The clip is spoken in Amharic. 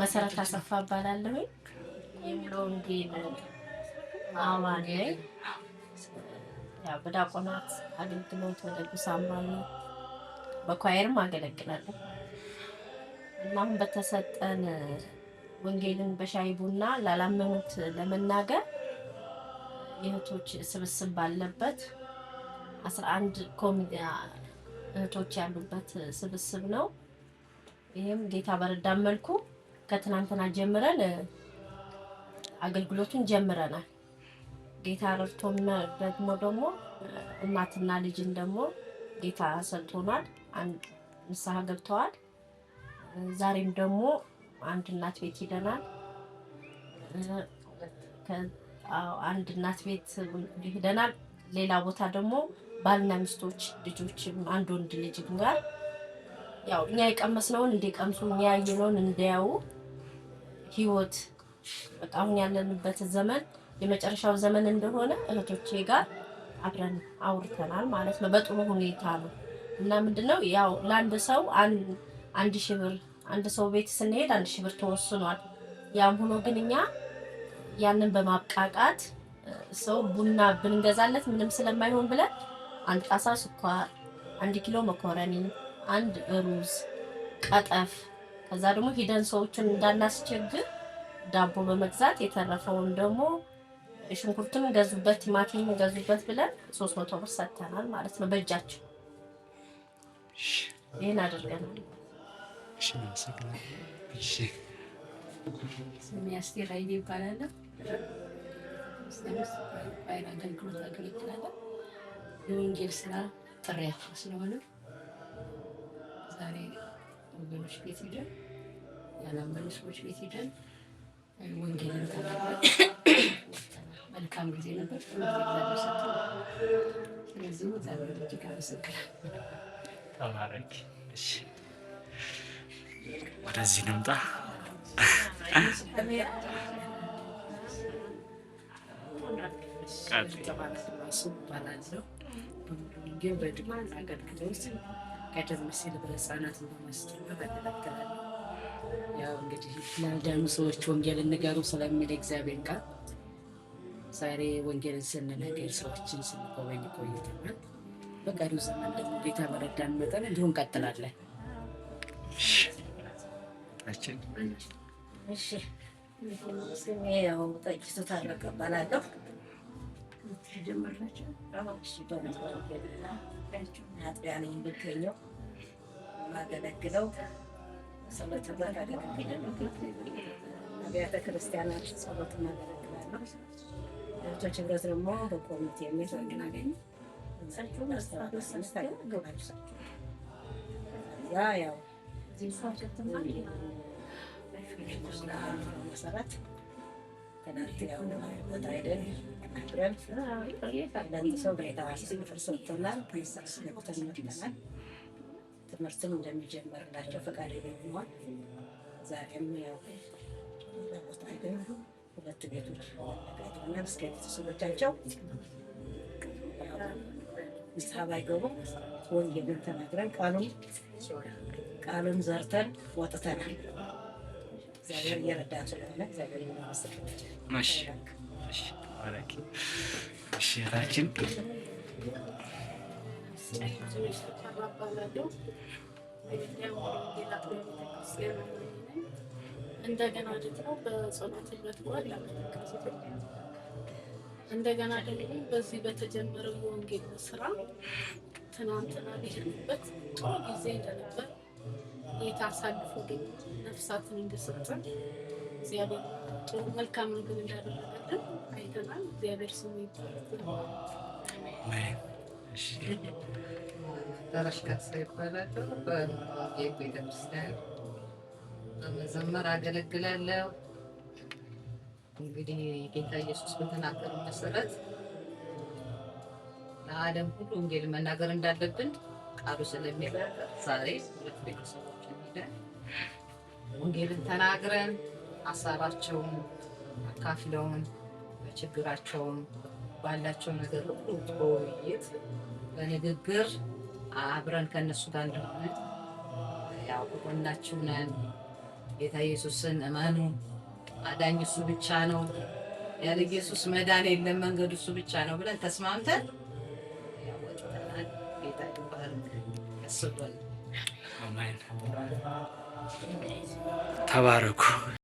መሰረት አሰፋ እባላለሁ የሙሉ ወንጌል አማኝ ያው በዲያቆናት አገልግሎት በቅዱስ አማኝ በኳየርም አገለግላለሁ እና በተሰጠን ወንጌልን በሻይ ቡና ላላመኑት ለመናገር የእህቶች ስብስብ ባለበት አስራ አንድ እህቶች ያሉበት ስብስብ ነው። ይህም ጌታ በረዳን መልኩ ከትናንትና ጀምረን አገልግሎቱን ጀምረናል። ጌታ ረድቶን ደግሞ ደግሞ እናትና ልጅን ደግሞ ጌታ ሰልቶናል። ንስሐ ገብተዋል። ዛሬም ደግሞ አንድ እናት ቤት ሂደናል። አንድ እናት ቤት ሂደናል። ሌላ ቦታ ደግሞ ባልና ሚስቶች ልጆችም አንድ ወንድ ልጅም ጋር ያው እኛ የቀመስነውን እንደቀምሱ እኛ ያየነውን እንዲያዩ ህይወት በጣም ያለንበት ዘመን የመጨረሻው ዘመን እንደሆነ እህቶቼ ጋር አብረን አውርተናል ማለት ነው። በጥሩ ሁኔታ ነው እና ምንድነው ያው ለአንድ ሰው አንድ ሺህ ብር አንድ ሰው ቤት ስንሄድ አንድ ሺህ ብር ተወስኗል። ያም ሆኖ ግን እኛ ያንን በማብቃቃት ሰው ቡና ብንገዛለት ምንም ስለማይሆን ብለን አንድ ጣሳ ስኳር፣ አንድ ኪሎ መኮረኒ፣ አንድ ሩዝ ቀጠፍ ከዛ ደግሞ ሂደን ሰዎችን እንዳናስቸግር ዳቦ በመግዛት የተረፈውን ደግሞ ሽንኩርትም ገዙበት፣ ቲማቲም ገዙበት ብለን ሶስት መቶ ብር ሰጥተናል ማለት ነው በእጃቸው ይህን አድርገናል። ስሜ አስቴር ኃይሌ አገልግሎት የወንጌል ስራ ስለሆነ ዛሬ ወገኖች ቤት ሄደን ያላመኑ ሰዎች ቤት ሄደን ወንጌልን ተናግረን መልካም ጊዜ ነበር። ስለዚህ እግዚአብሔር እጅግ አመሰግናል። ተባረክ። ወደዚህ ንምጣ። ባላለው በሙሉ ወንጌል በድማ አገልግሎት ቀደም ሲል በህፃናት በማስጠር በመከላከላለሁ። ያው እንግዲህ ላልዳኑ ሰዎች ወንጌልን ንገሩ ስለሚል እግዚአብሔር ቃል ዛሬ ወንጌልን ስንነገር ሰዎችን ስንጎበኝ ቆይተናል። በቀሪው ዘመን ደግሞ ጌታ በረዳን መጠን እንዲሁ እንቀጥላለን። ስሜ ያው ጠቂቱ ታረቀ ጀመራቸው እሱ በመጠና አጥቢያን ማገለግለው ጸሎትበት አብያተ ክርስቲያናት ጸሎት ማገለግላለሁ። እህቶች ህብረት ደግሞ በኮሚቴ ሜት ያ ያው መሰረት ተናት ያው ቦታ አይደል ትምህርትን እንደሚጀመርላቸው ፈቃደኛ ሆኗል። ዛሬም ያው ሁለት ቤቶች እና እስከ ቤተሰቦቻቸው ንስሐ ባይገቡም ወንጌልን ተናግረን ቃሉን ቃሉን ዘርተን ወጥተናል። እግዚአብሔር እየረዳን ስለሆነ እግዚአብሔር ይመስገን። እሽታችን እንደገና ደግሞ በጸሎት ህብረት እንደገና ደግሞ በዚህ በተጀመረው የወንጌል ስራ ትናንትና ሊሄንበት ጥሩ ጊዜ እንደነበር ጌታ አሳልፎ ነፍሳትን እንደሰጠን እግዚአብሔር ጥሩ መልካም ምግብ እንዳደረገልን አይተናል። እግዚአብሔር ስሙ ተረሽከሰ ይባላል። ቤተክርስቲያን በመዘመር አገለግላለሁ። እንግዲህ ጌታ ኢየሱስ በተናገሩ መሰረት ለዓለም ሁሉ ወንጌል መናገር እንዳለብን ቃሉ ስለሚናገር ዛሬ ሁለት ቤተሰቦችን ወንጌልን ተናግረን ሀሳባቸውን አካፍለውን በችግራቸውን ባላቸው ነገር ሁሉ በውይይት በንግግር አብረን ከነሱ ጋር እንደሆነ ያው ጎናችሁ ነን፣ ጌታ ኢየሱስን እመኑ፣ አዳኝ እሱ ብቻ ነው፣ ያለ ኢየሱስ መዳን የለም፣ መንገዱ እሱ ብቻ ነው ብለን ተስማምተን ወጥተናል። ተባረኩ።